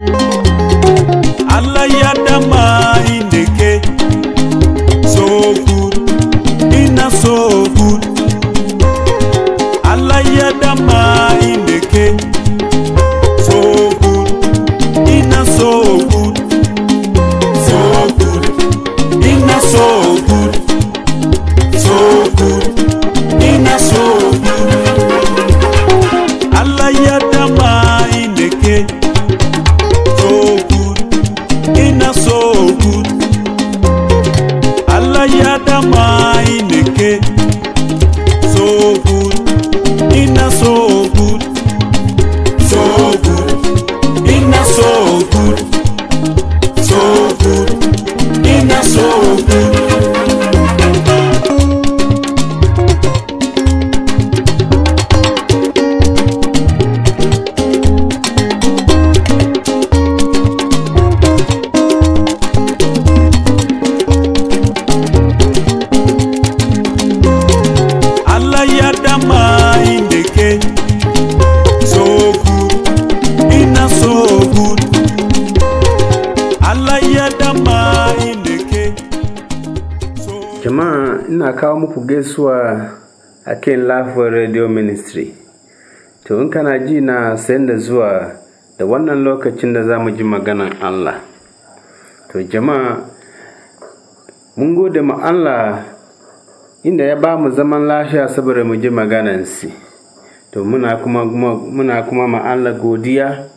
you kawo muku gaisuwa a kan Love Radio Ministry. To in kana ji na sayan da zuwa da wannan lokacin da za mu ji maganan Allah. To jama'a, mun gode ma Allah inda ya ba mu zaman lafiya saboda mu ji maganansi. To muna kuma, muna kuma ma Allah godiya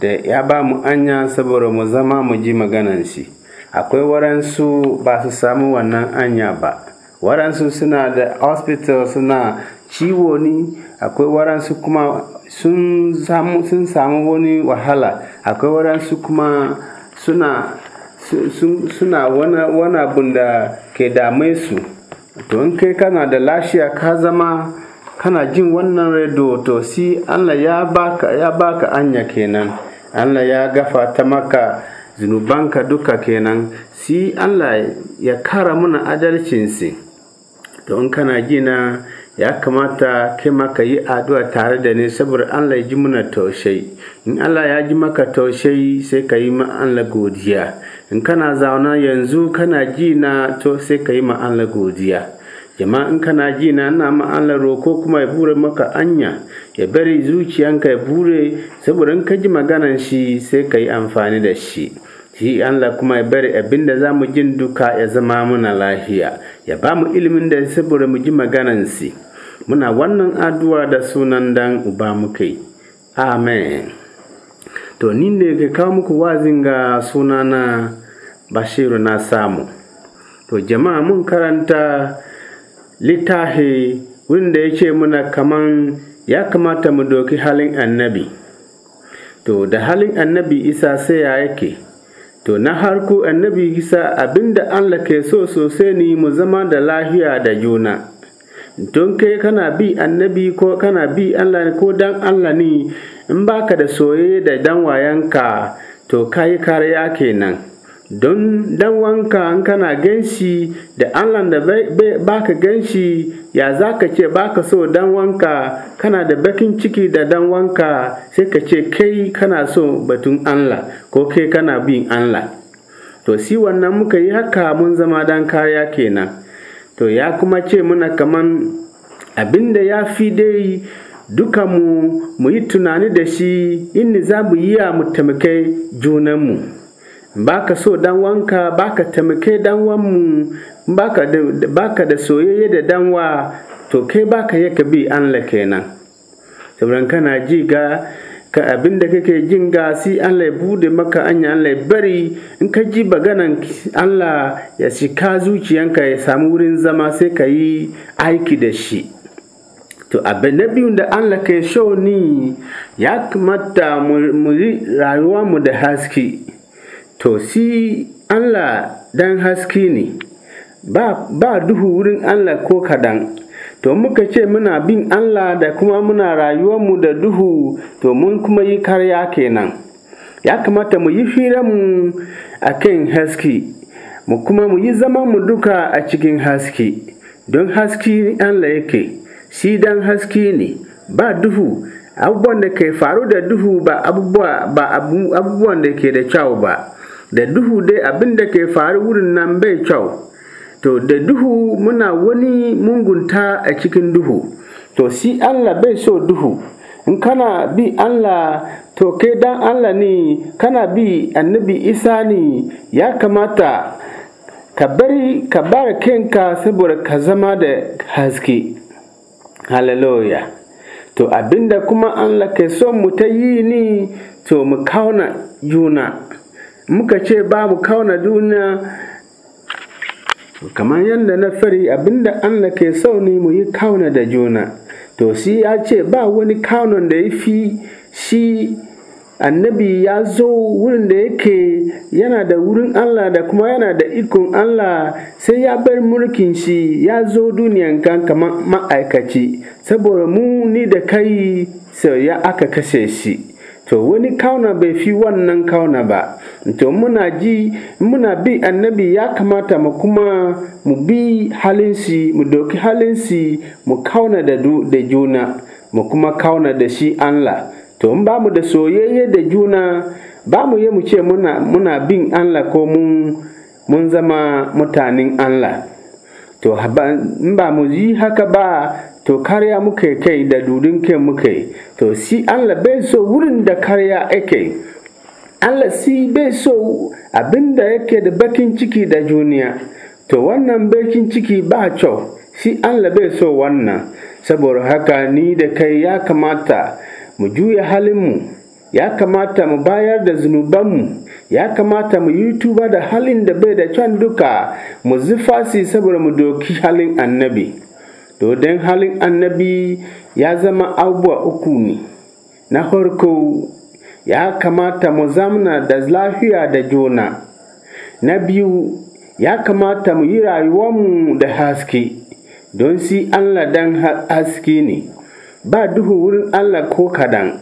da ya ba mu anya saboda mu zama mu ji maganansi. Akwai waransu ba su samu wannan anya ba. waransu suna da hospital suna ciwo ne akwai waransu kuma sun samu wani wahala akwai waransu kuma suna suna wani abun da ke dame su to in kai kana da lashiya ka zama kana jin wannan redo to si allah ya baka ka anya kenan allah ya gafa gafata maka zunubanka duka kenan si allah ya kara muna adalcinsi to in kana jina ya kamata kai ma ka yi addu'a tare da ni saboda Allah ya ji muna taushe in Allah ya ji maka taushe sai ka yi ma Allah godiya in kana zauna yanzu kana jina to sai ka yi ma Allah godiya jama'a in kana jina na ma Allah roko kuma ya bure maka anya ya bari zuciyanka ya bure saboda in ka ji maganan shi sai ka yi amfani da shi shi Allah kuma ya bari abinda za mu jin duka ya zama muna lahiya ya ba mu ilimin da saboda mu ji maganansi muna wannan addu'a da sunan dan uba muke amen to ni ne ka kawo muku wazin ga sunana bashiru na samu to jama'a mun karanta littafi wanda ya ce muna kaman ya kamata mu doki halin annabi to da halin annabi isa sai ya yake To na harko annabi Isa abinda Allah ke so sosai ne mu zama da lahiya da juna. Don kai kana bi annabi ko kana bi Allah ko dan Allah ne in baka da soye da dan wayanka to kai kariya kenan. don dan wanka an kana ganshi da allah da baka ganshi ya za ka ce baka so dan wanka kana da bakin ciki da dan wanka sai ka ce kai kana so batun allah ko kai kana bin allah to si wannan muka yi haka mun zama dan kaya kenan to ya kuma ce muna kaman abinda ya fi dai dukanmu mu yi tunani da shi inda za mu yi mu taimake junanmu baka so dan wanka baka taimake dan wanmu baka da soyayya da danwa to ke baka yaka bi Allah kenan saboda kana ji ga ka abin da kake jin gasi Allah ya bude maka anya Allah ya bari in ka ji baganan Allah ya shika zuciyanka ya samu wurin zama sai ka yi aiki da shi to abin na biyun da Allah ke so ni ya kamata mu rayuwa mu da haske to si Allah dan haske ne ba, ba duhu wurin Allah ko kadan to muka ce muna bin Allah da kuma muna rayuwarmu da duhu to mun kuma yi karya kenan ya kamata mu yi mu a kan haske mu kuma mu yi mu duka a cikin haske don haske Allah yake shi dan haske ne ba duhu abubuwan da ke faru da duhu ba abubuwan da ke da kyau ba da duhu dai abin da ke faru wurin nan bai kyau to da duhu muna wani mungunta a cikin duhu to si Allah bai so duhu in kana bi Allah to kai dan Allah ne kana bi annabi isa ne ya kamata ka bari ka bar kenka saboda ka zama da haske hallelujah to abinda kuma Allah ke so mu ta yi ni to mu kauna juna muka ce babu kauna duniya kamar yadda na fari abinda Allah ke so ne mu yi kauna da juna to shi ya ce ba wani kaunan da ya fi shi annabi ya zo wurin da yake yana da wurin Allah da kuma yana da ikon Allah sai ya bar mulkin shi ya zo duniyan kan kamar ma'aikaci saboda mu ni da kai sai ya aka kashe shi to wani kauna bai fi wannan kauna ba to muna ji muna bi annabi ya kamata mu kuma mu bi halinsi mu doki si mu kauna da da juna mu kuma kauna da shi Allah to in ba mu da soyayye da juna ba mu yi mu ce muna, muna bin Allah ko mun zama mutanen Allah to in ba mu yi haka ba to karya muke kai da dudun kai muke to si Allah bai so wurin da karya ake Allah si bai so abinda yake da bakin ciki da juniya to wannan bakin ciki ba kyau si Allah bai so wannan saboda haka ni da kai ya kamata mu juya halin mu, ya kamata mu bayar da zunubanmu ya kamata mu yi tuba da halin da bai da can duka mu zufasi saboda mu doki halin annabi dodon halin annabi ya zama abubuwa uku ne na farko ya kamata mu zamna da lafiya da juna na biyu ya kamata mu yi rayuwarmu da haske don si allah dan haske ne ba duhu wurin allah ko kadan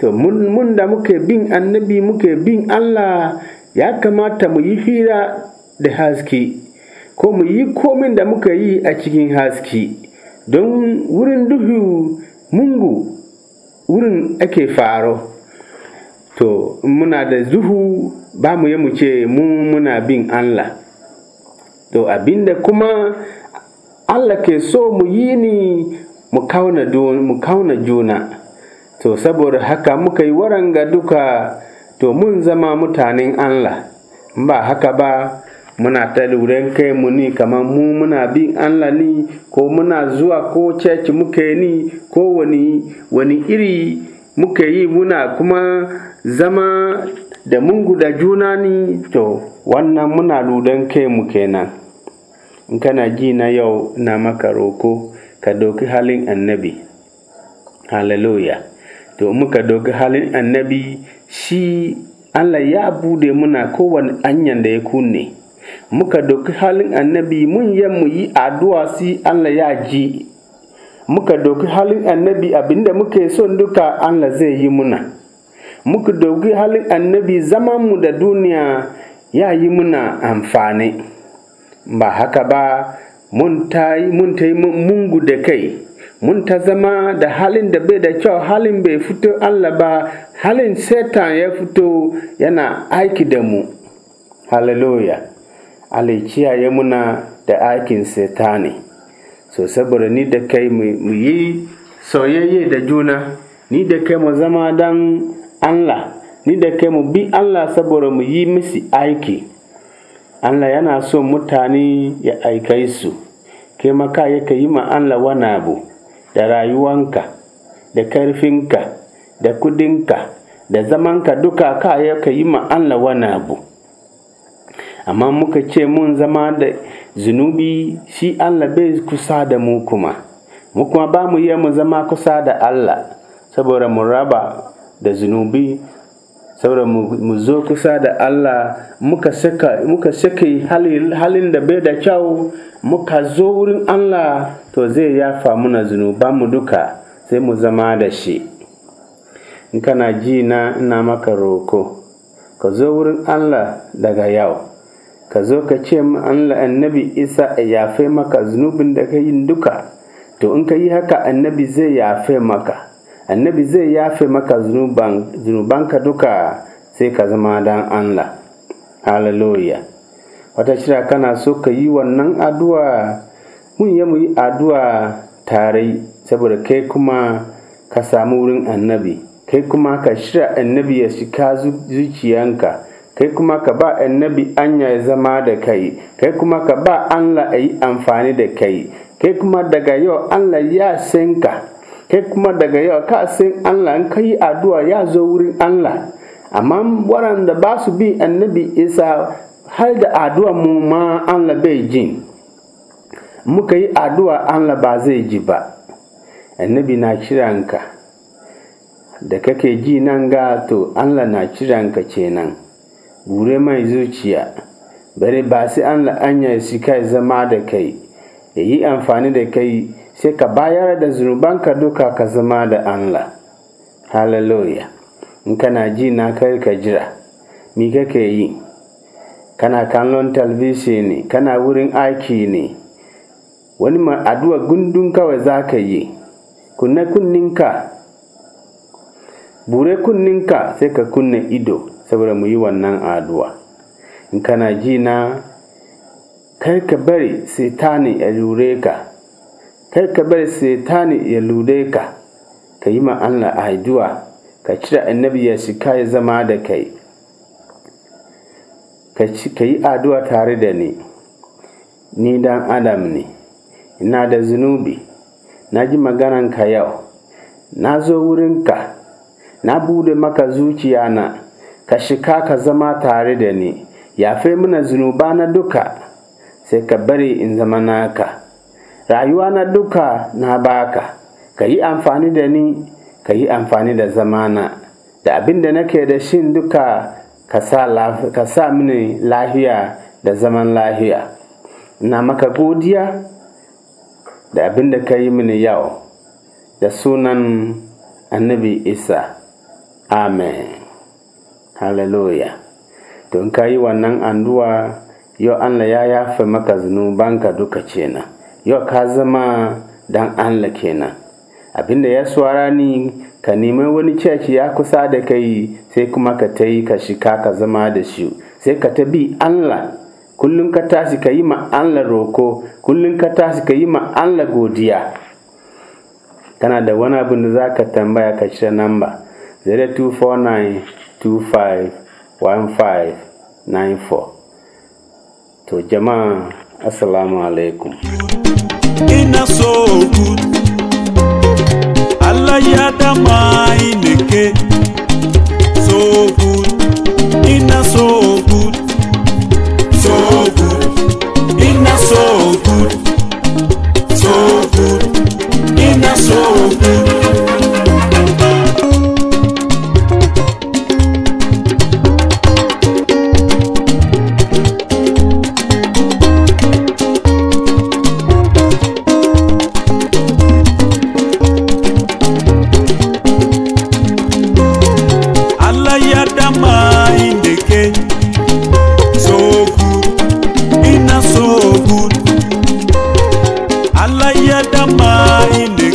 to mun mun da muke bin annabi muke bin Allah ya kamata mu yi hira da haske ko mu yi komin da muka yi a cikin haske don wurin duhu mungu wurin ake faro to muna da zuhu ba mu yi mu ce mu muna bin Allah to abinda kuma Allah ke so mu yi ni mu kauna juna to saboda haka muka yi waranga duka to mun zama mutanen Allah ba haka ba muna ta luren kai mu ni kamar mu muna bin Allah ni ko muna zuwa ko ceci muke ni ko wani wani iri muka yi muna kuma zama da mungu da juna ni to wannan muna luren kai mu kenan in kana ji na yau na maka roko ka doki halin annabi hallelujah to muka dogi halin annabi shi Allah ya bude muna kowane anyan da ya kunne muka doki halin annabi mun yi mu yi addu'a si Allah ya ji muka doki halin annabi abinda muke son duka Allah zai yi muna muka doki halin annabi zaman mu da duniya ya yi muna amfani ba haka ba mun ta yi mun da kai mun ta zama da halin da bai da kyau halin bai fito Allah ba halin setan ya fito yana aiki da mu hallelujah Allah ya muna da aikin setani so saboda ni da kai mu yi soyayye da juna ni da kai mu zama dan Allah ni da kai mu bi Allah saboda mu yi misi aiki Allah yana so mutane ya aikai su kai maka yake yi ma Allah wani abu da rayuwanka da karfinka da kudinka da zamanka duka ka ya ka yi ma Allah wani abu amma muka ce mun zama da zunubi shi Allah bai kusa da mu kuma mu kuma ba mu yi mu zama kusa da Allah saboda mu raba da zunubi saboda mu zo kusa da Allah muka saka sake halin da bai da kyau muka zo wurin Allah to zai yafa muna zunuba mu duka sai mu zama da shi in kana ji na ina maka roko ka zo wurin Allah daga yau ka zo ka ce mu Allah annabi Isa yafe maka zunubin da ka yi duka to in ka yi haka annabi zai yafe maka annabi zai yafe maka zunubanka duka sai ka zama dan Allah hallelujah wata shirya kana so ka yi wannan addu'a mun yi mu yi addu'a tare saboda kai kuma ka samu wurin annabi kai kuma ka shira annabi ya shika zuciyanka kai kuma ka ba annabi anya ya zama da kai kai kuma ka ba Allah a yi amfani da kai kai kuma daga yau Allah ya san kai kuma daga yau ka san Allah in ka addu'a ya zo wurin Allah amma waɗanda ba su bi annabi isa har da addu'a mu ma Allah bai ji muka yi addu'a Allah ba zai ji ba annabi na kiranka da kake ji nan ga to Allah na kiranka kenan gure mai zuciya bari ba sai Allah anya shi kai zama da kai yayi amfani da kai sai ka bayar da zunubanka duka ka zama da Allah hallelujah in kana ji na kai ka jira mi kake yi kana kallon talbisi ne kana wurin aiki ne wani ma addu'a gundun kawai za ka yi kunne kunninka bure kunninka sai ka kunne ido saboda mu yi wannan addu'a in kana ji na kar ka bari sai ta ne a lure ka kar ka bar setani ya lude ka, ka yi ma Allah haiduwa ka cire annabi ya shika ya zama da kai, ka yi addu'a tare da ni, ni dan Adam ne, ina da zunubi, na ji ka yau, na zo wurinka, na bude maka zuciya na, ka shika ka zama tare da ni, yafe mana zunuba na duka, sai ka bari in zama naka. rayuwa na duka na baka ka yi amfani da ni ka yi amfani da zamana da abin da nake da shi duka ka sa mini lahiya da zaman lahiya na maka godiya da abin da ka yi mini yau da sunan annabi isa amen hallelujah don ka yi wannan anduwa yau allah ya yafe maka zunubanka duka kenan yau ka zama dan Allah kenan abinda ya suwara ni ka nemi wani ceci ya kusa da kai sai kuma ka ta yi ka shika ka zama da shi sai ka ta bi Allah kullum ka tashi ka yi ma Allah roko kullum ka tashi ka yi ma Allah godiya kana da wani abin da za ka tambaya ka cire namba 0249251594 to jama'a assalamu alaikum China so good. Alayada maineke so good. Ina so good. So good. Ina so good. So good. Ina so good. binadamu ini